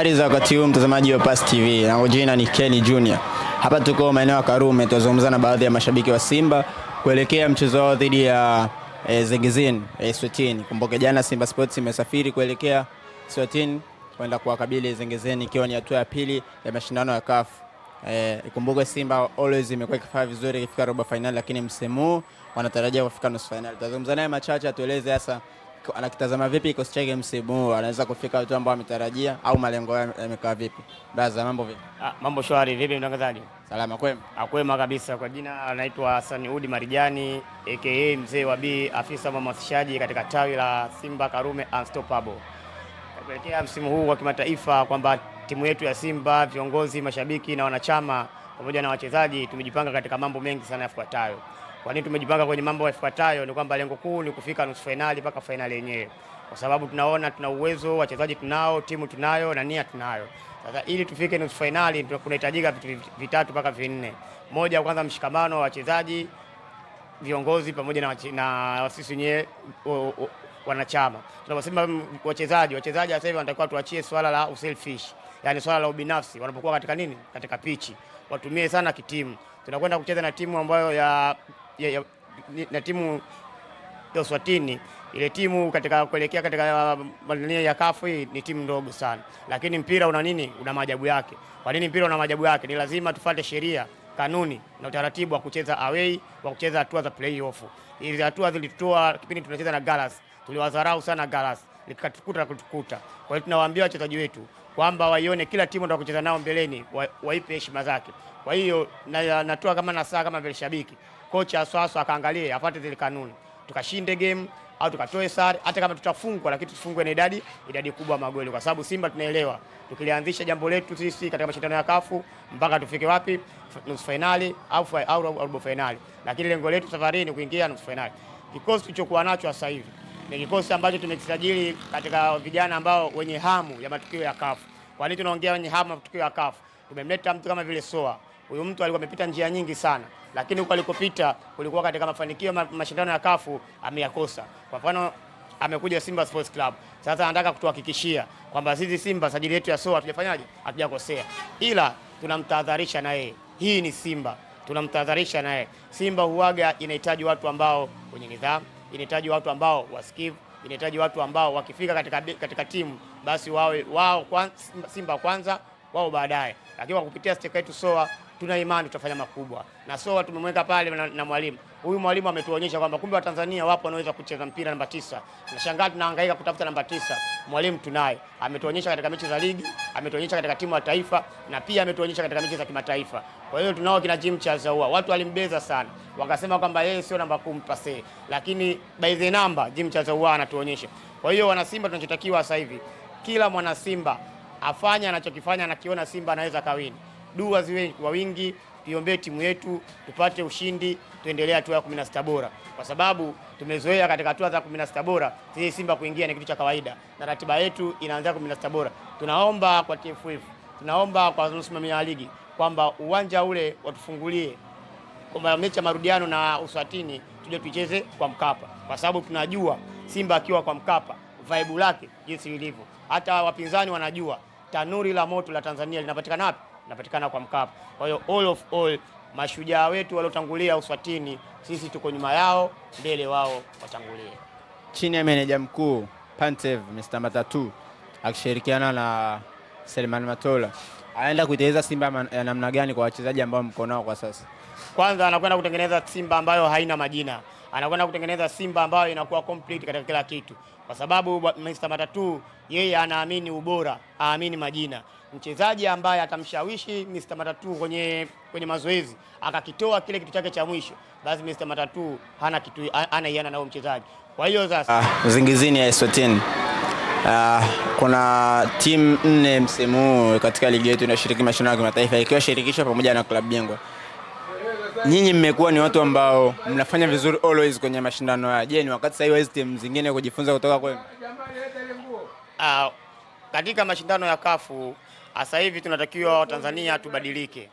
Habari za wakati huu mtazamaji wa Pass TV, na jina ni Kenny Junior. Hapa tuko maeneo ya Karume, tunazungumza na baadhi ya mashabiki wa Simba kuelekea mchezo wao dhidi ya e, Zengizini e, eh, Swatini. Kumbuka jana Simba Sports imesafiri kuelekea Swatini kwenda kuwakabili Zengizini, ikiwa ni hatua ya pili ya mashindano ya CAF. Eh, ikumbuke e, Simba always imekuwa ikifanya vizuri ikifika robo finali, lakini msimu wanatarajia kufika nusu finali. Tazungumza naye machache atueleze hasa anakitazama vipi kikosi chake msimu, anaweza kufika watu ambao ametarajia au malengo yake yamekaa vipi? Baza, mambo vipi? Ah, mambo shwari. Vipi mtangazaji? Salama, kwema? Akwema ah, kabisa. Kwa jina anaitwa Hassan Udi Marijani aka mzee wa B, afisa wa mhamasishaji katika tawi la Simba Karume Unstoppable. Kuelekea msimu huu wa kimataifa, kwamba timu yetu ya Simba, viongozi, mashabiki na wanachama pamoja na wachezaji tumejipanga katika mambo mengi sana yafuatayo. Kwa nini tumejipanga kwenye mambo yafuatayo? Ni kwamba lengo kuu ni kufika nusu fainali mpaka fainali yenyewe, kwa sababu tunaona tuna uwezo, wachezaji tunao, timu tunayo na nia tunayo. Sasa ili tufike nusu fainali kunahitajika vitu vitatu mpaka vinne. Moja, kwanza mshikamano wa wachezaji, viongozi pamoja na, na sisi wenyewe wanachama. Tunaposema wachezaji, wachezaji sasa hivi wanatakiwa tuachie swala la selfish, yani swala la ubinafsi wanapokuwa katika nini, katika pichi watumie sana kitimu. Tunakwenda kucheza na timu ambayo ya ya, ya, na timu ya Uswatini ile timu katika kuelekea katika mashindano ya kafu hii ni timu ndogo sana, lakini mpira una nini, una maajabu yake. Kwa nini mpira una maajabu yake? Ni lazima tufate sheria, kanuni na utaratibu wa kucheza away, wa kucheza hatua za playoff. Hizi hatua zilitoa kipindi tunacheza na Galas, tuliwadharau sana Galas, likatukuta na kutukuta. Kwa hiyo tunawaambia wachezaji wetu kwamba waione kila timu ndio kucheza nao mbeleni, wa, waipe heshima zake. Kwa hiyo na, natoa kama nasaha kama vile shabiki, kocha Swaswa akaangalie afuate zile kanuni, tukashinde game au tukatoe sare, hata kama tutafungwa, lakini tufungwe na idadi idadi kubwa magoli, kwa sababu Simba tunaelewa tukilianzisha jambo letu sisi katika mashindano ya kafu mpaka tufike wapi, nusu fainali au au robo fainali, lakini lengo letu safari ni kuingia nusu fainali. Kikosi tulichokuwa nacho sasa hivi ni kikosi ambacho tumekisajili katika vijana ambao wenye hamu ya matukio ya kafu kwa nini tunaongea wenye haya tukio ya kafu? Tumemleta mtu kama vile Soa. Huyu mtu alikuwa amepita njia nyingi sana, lakini huko alikopita kulikuwa katika mafanikio ma, mashindano ya kafu ameyakosa. Kwa mfano amekuja Simba Sports Club. Sasa anataka kutuhakikishia kwamba sisi Simba sajili yetu ya Soa hatujafanyaje? Hatujakosea. Ila tunamtahadharisha na yeye. Hii ni Simba. Tunamtahadharisha na yeye. Simba huaga inahitaji watu ambao wenye nidhamu, inahitaji watu ambao wasikivu inahitaji watu ambao wakifika katika, katika timu basi wawe wao kwanza, Simba kwanza wao baadaye, lakini kwa kupitia steka yetu soa tuna imani tutafanya makubwa, na so tumemweka pale na, na mwalimu huyu. Mwalimu ametuonyesha kwamba kumbe Watanzania wapo wanaweza kucheza mpira namba tisa. Nashangaa tunahangaika kutafuta namba tisa, mwalimu tunaye. Ametuonyesha katika mechi za ligi, ametuonyesha katika timu ya taifa, na pia ametuonyesha katika mechi za kimataifa. Kwa hiyo tunao kina Jim Chazaua, watu walimbeza sana, wakasema kwamba yeye sio namba kumi pase, lakini by the number Jim Chazaua anatuonyesha. Kwa hiyo wanasimba, tunachotakiwa sasa hivi kila mwana Simba afanye anachokifanya, anakiona Simba anaweza kawini dua ziwe kwa wingi, tuiombee timu yetu tupate ushindi, tuendelee hatua ya 16 bora, kwa sababu tumezoea katika hatua za 16 bora sisi Simba kuingia ni kitu cha kawaida, na ratiba yetu inaanzia sita bora. Tunaomba kwa TFF, tunaomba kwa wa ligi kwamba uwanja ule watufungulie kwa mechi ya marudiano na Uswatini tuje tucheze kwa Mkapa, kwa sababu tunajua Simba akiwa kwa Mkapa vaibu lake jinsi ilivyo, hata wapinzani wanajua tanuri la moto la Tanzania linapatikana wapi? inapatikana kwa Mkapa. Kwa hiyo all of all mashujaa wetu waliotangulia Uswatini, sisi tuko nyuma yao, mbele wao watangulie. Chini ya meneja mkuu Pantev Mr. Matatu akishirikiana na Selemani Matola anaenda kuitengeneza Simba ya namna gani kwa wachezaji ambao mko nao kwa sasa? Kwanza anakwenda kutengeneza Simba ambayo haina majina, anakwenda kutengeneza Simba ambayo inakuwa complete katika kila kitu, kwa sababu Mr. Matatu yeye anaamini ubora, aamini majina. Mchezaji ambaye atamshawishi Mr. Matatu kwenye, kwenye mazoezi akakitoa kile kitu chake cha mwisho, basi Mr. Matatu hana kitu, hana iana na mchezaji. Kwa hiyo sasa, ah, Zingizini ya Eswatini Uh, kuna timu nne msimu huu katika ligi yetu inashiriki mashindano ya kimataifa ikiwa shirikisho pamoja na klabu bingwa. Nyinyi mmekuwa ni watu ambao mnafanya vizuri always kwenye mashindano haya. Je, ni wakati sahihi hizi timu zingine kujifunza kutoka kwenu? Uh, katika mashindano ya kafu ah, sasa hivi tunatakiwa Watanzania tubadilike.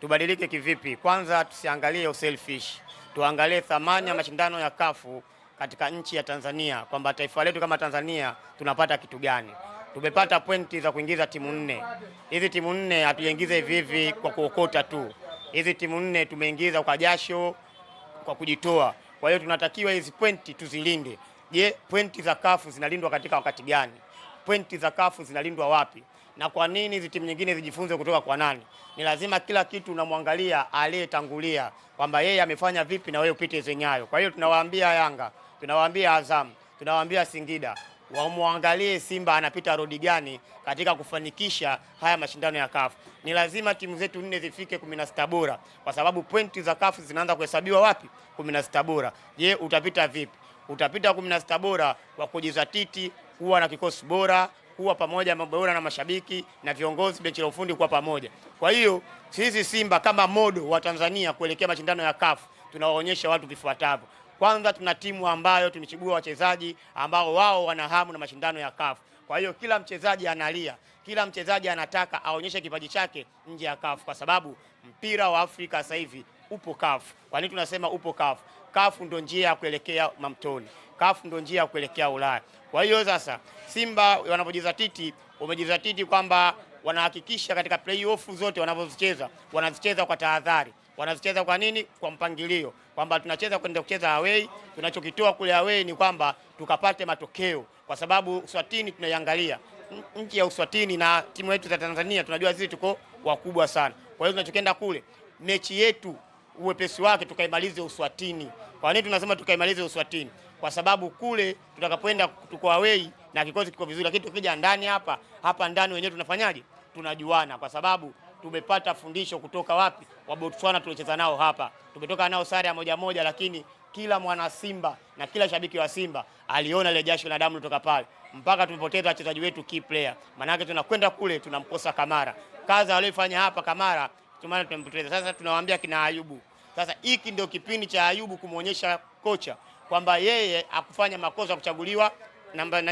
Tubadilike kivipi? Kwanza tusiangalie selfish, tuangalie thamani ya mashindano ya kafu katika nchi ya Tanzania kwamba taifa letu kama Tanzania tunapata kitu gani. Tumepata pointi za kuingiza timu nne. Hizi timu nne hatuingize hivi hivi kwa kuokota tu, hizi timu nne tumeingiza kwa jasho, kwa kujitoa. Kwa hiyo tunatakiwa hizi pointi tuzilinde. Je, pointi za kafu zinalindwa katika wakati gani? Pointi za kafu zinalindwa wapi? Na kwa nini hizi timu nyingine zijifunze kutoka kwa nani? Ni lazima kila kitu unamwangalia aliyetangulia, kwamba yeye amefanya vipi na wewe upite zenyayo. Kwa hiyo tunawaambia Yanga tunawaambia Azam, tunawaambia Singida wamwangalie Simba anapita rodi gani katika kufanikisha haya mashindano ya kafu. Ni lazima timu zetu nne zifike 16 bora, kwa sababu pointi za kafu zinaanza kuhesabiwa wapi? 16 bora. Je, utapita vipi? Utapita 16 bora kwa kujizatiti, kuwa na kikosi bora, kuwa pamoja bora na mashabiki na viongozi, benchi la ufundi kuwa pamoja. Kwa hiyo sisi Simba kama modo wa Tanzania kuelekea mashindano ya kafu tunawaonyesha watu vifuatavyo. Kwanza tuna timu ambayo tumechagua wachezaji ambao wao wana hamu na mashindano ya CAF. Kwa hiyo kila mchezaji analia, kila mchezaji anataka aonyeshe kipaji chake nje ya CAF, kwa sababu mpira wa Afrika sasa hivi upo CAF. Kwa nini tunasema upo CAF? CAF ndio njia ya kuelekea mamtoni, CAF ndio njia ya kuelekea Ulaya. Kwa hiyo sasa Simba wanapojizatiti, wamejizatiti kwamba wanahakikisha katika playoff zote wanavyozicheza wanazicheza kwa tahadhari wanazicheza kwa nini? Kwa mpangilio, kwamba tunacheza kwenda kucheza away. Tunachokitoa kule away ni kwamba tukapate matokeo, kwa sababu Uswatini tunaiangalia nchi ya Uswatini na timu yetu za Tanzania, tunajua sisi tuko wakubwa sana. Kwa hiyo tunachokenda kule, mechi yetu uwepesi wake tukaimalize Uswatini. Kwa nini tunasema tukaimalize Uswatini? Kwa sababu kule tutakapoenda tuko away na kikosi kiko vizuri, lakini tukija ndani hapa hapa ndani wenyewe tunafanyaje? Tunajuana kwa sababu tumepata fundisho kutoka wapi? Wa Botswana tuliocheza nao hapa, tumetoka nao sare ya moja moja, lakini kila mwana Simba na kila shabiki wa Simba aliona ile jasho la damu kutoka pale mpaka tumepoteza wachezaji wetu key player. Maana yake tunakwenda kule tunamkosa Kamara, kazi aliyofanya hapa Kamara tumana tumempoteza. Sasa tunawaambia kina Ayubu, sasa hiki ndio kipindi cha Ayubu kumwonyesha kocha kwamba yeye akufanya makosa kuchaguliwa namba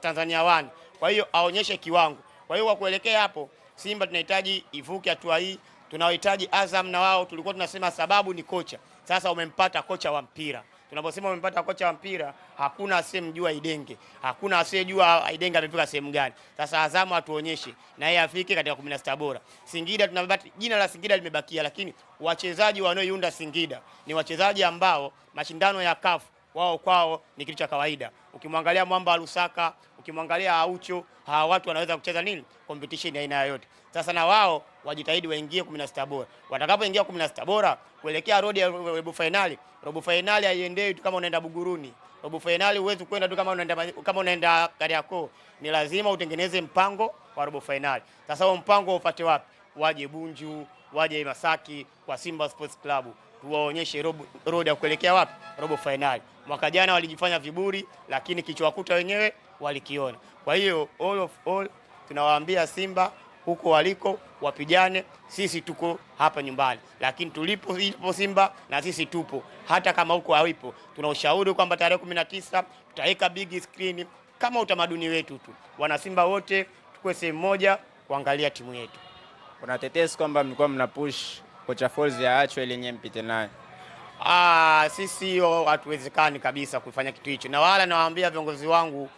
Tanzania 1. kwa hiyo aonyeshe kiwango. Kwa hiyo kwa kuelekea hapo Simba tunahitaji ivuke hatua hii, tunawahitaji Azam na wao. Tulikuwa tunasema sababu ni kocha, sasa umempata kocha wa mpira. Tunaposema umempata kocha wa mpira, hakuna asiyemjua Idenge, hakuna asiyejua Idenge amefika sehemu gani. Sasa Azamu atuonyeshe na yeye afike katika 16 bora. Singida tunabaki, jina la Singida limebakia, lakini wachezaji wanaoiunda Singida ni wachezaji ambao mashindano ya kafu wao kwao ni kitu cha kawaida. Ukimwangalia mwamba wa Lusaka ukimwangalia Aucho, hawa watu wanaweza kucheza nini competition aina yoyote. Sasa na wao wajitahidi waingie 16 bora. Watakapoingia 16 bora kuelekea road ya robo finali, robo finali haiendei tu kama unaenda Buguruni. Robo finali huwezi kwenda tu kama unaenda kama unaenda Kariakoo. Ni lazima utengeneze mpango wa robo finali. Sasa huo mpango upate wapi? Waje Bunju, waje Masaki kwa Simba Sports Club tuwaonyeshe road ya kuelekea wapi robo finali. Mwaka jana walijifanya viburi, lakini kichwa kuta wenyewe walikiona. Kwa hiyo all of all tunawaambia Simba huko waliko wapijane sisi tuko hapa nyumbani, lakini tulipo ipo Simba na sisi tupo, hata kama huko haipo. Tuna ushauri kwamba tarehe kumi na tisa tutaweka big screen kama utamaduni wetu tu, wanasimba wote tukue sehemu moja kuangalia timu yetu. Kuna tetesi kwamba mlikuwa mna push kocha Folz aachwe ili nyie mpite naye. Ah, sisi hatuwezekani kabisa kufanya kitu hicho, na wala nawaambia viongozi wangu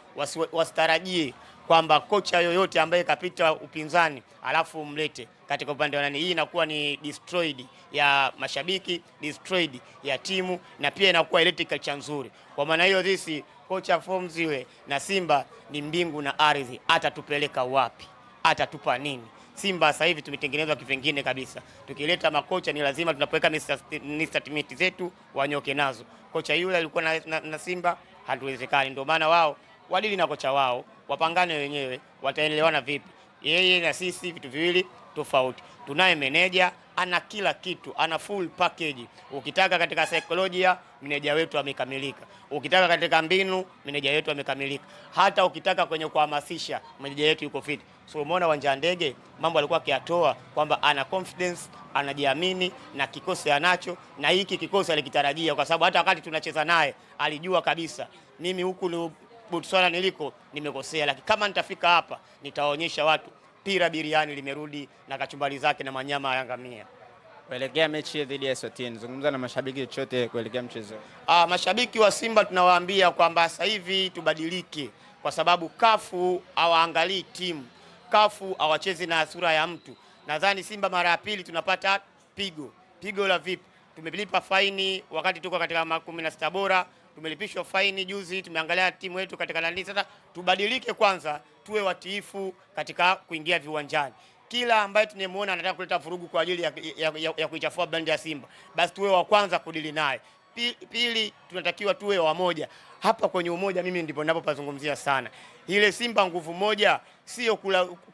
wasitarajie kwamba kocha yoyote ambaye kapita upinzani alafu umlete katika upande wa nani. Hii inakuwa ni destroyed ya mashabiki, destroyed ya timu, na pia inakuwa ileti kacha nzuri. Kwa maana hiyo dhisi kocha Fomziwe na Simba ni mbingu na ardhi, atatupeleka wapi? Atatupa nini? Simba sasa hivi tumetengenezwa kivingine kabisa. Tukileta makocha ni lazima tunapoweka statement zetu wanyoke nazo. Kocha yule alikuwa na, na, na Simba hatuwezekani, ndio maana wao wadili na kocha wao, wapangane wenyewe, wataelewana vipi. Yeye na sisi vitu viwili tofauti. Tunaye meneja ana kila kitu, ana full package. Ukitaka katika saikolojia, meneja wetu amekamilika. Ukitaka katika mbinu, meneja wetu amekamilika. Hata ukitaka kwenye kuhamasisha, meneja wetu yuko fit. So umeona uwanja wa ndege mambo alikuwa akiyatoa kwamba ana confidence, anajiamini na kikosi anacho, na hiki kikosi alikitarajia, kwa sababu hata wakati tunacheza naye alijua kabisa mimi huku Botswana niliko nimekosea, lakini kama nitafika hapa nitawaonyesha watu pira biriani limerudi na kachumbari zake na manyama ya ngamia. Kuelekea mechi dhidi ya Eswatini, zungumza na mashabiki chochote kuelekea mchezo. Ah, mashabiki wa Simba tunawaambia kwamba sasa hivi tubadilike, kwa sababu kafu hawaangalii timu, kafu hawachezi na sura ya mtu. Nadhani Simba mara ya pili tunapata pigo pigo la vipi tumelipa faini wakati tuko katika makumi na sita bora, tumelipishwa faini juzi, tumeangalia timu yetu katika nani. Sasa tubadilike kwanza, tuwe watiifu katika kuingia viwanjani. Kila ambaye tunayemwona anataka kuleta vurugu kwa ajili ya, ya, ya, ya kuichafua brand ya Simba, basi tuwe wa kwanza kudili naye. Pili, tunatakiwa tuwe wamoja. Hapa kwenye umoja, mimi ndipo ninapopazungumzia sana. Ile Simba nguvu moja sio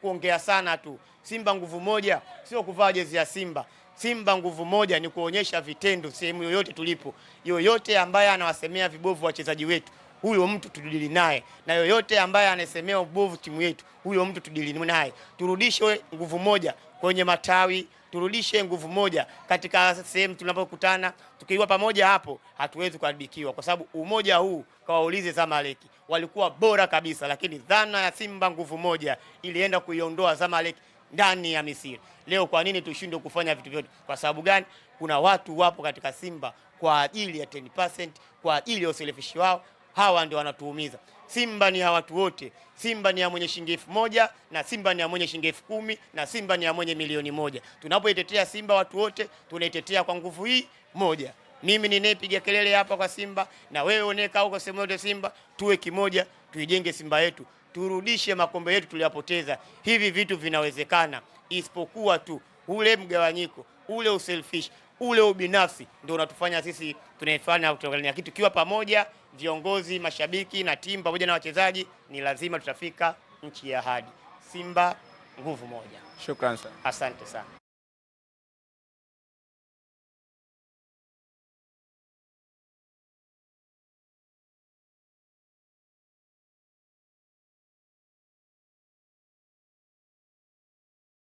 kuongea sana tu. Simba nguvu moja sio kuvaa jezi ya Simba. Simba nguvu moja ni kuonyesha vitendo sehemu yoyote tulipo. Yoyote ambaye anawasemea vibovu wachezaji wetu, huyo mtu tudili naye, na yoyote ambaye anasemea ubovu timu yetu, huyo mtu tudili naye. Turudishe nguvu moja kwenye matawi, turudishe nguvu moja katika sehemu tunapokutana. Tukiwa pamoja hapo, hatuwezi kuharibikiwa, kwa sababu umoja huu, kawaulize Zamalek, walikuwa bora kabisa, lakini dhana ya Simba nguvu moja ilienda kuiondoa Zamalek ndani ya Misri. Leo kwa nini tushindwe kufanya vitu vyote? Kwa sababu gani? Kuna watu wapo katika Simba kwa ajili ya 10%, kwa ajili ya uselefishi wao. Hawa ndio wanatuumiza. Simba ni ya watu wote. Simba ni ya mwenye shilingi elfu moja na Simba ni ya mwenye shilingi elfu kumi na Simba ni ya mwenye milioni moja. Tunapoitetea Simba watu wote tunaitetea kwa nguvu hii moja. Mimi ninayepiga kelele hapa kwa Simba na wewe unayekaa huko sehemu yote Simba, tuwe kimoja, tuijenge Simba yetu turudishe makombe yetu tuliyapoteza. Hivi vitu vinawezekana, isipokuwa tu ule mgawanyiko, ule uselfish, ule ubinafsi ndio unatufanya sisi tunaifanya tunaangalia kitu. Kiwa pamoja viongozi, mashabiki na timu pamoja na wachezaji, ni lazima tutafika nchi ya ahadi. Simba nguvu moja. Shukrani sana, asante sana.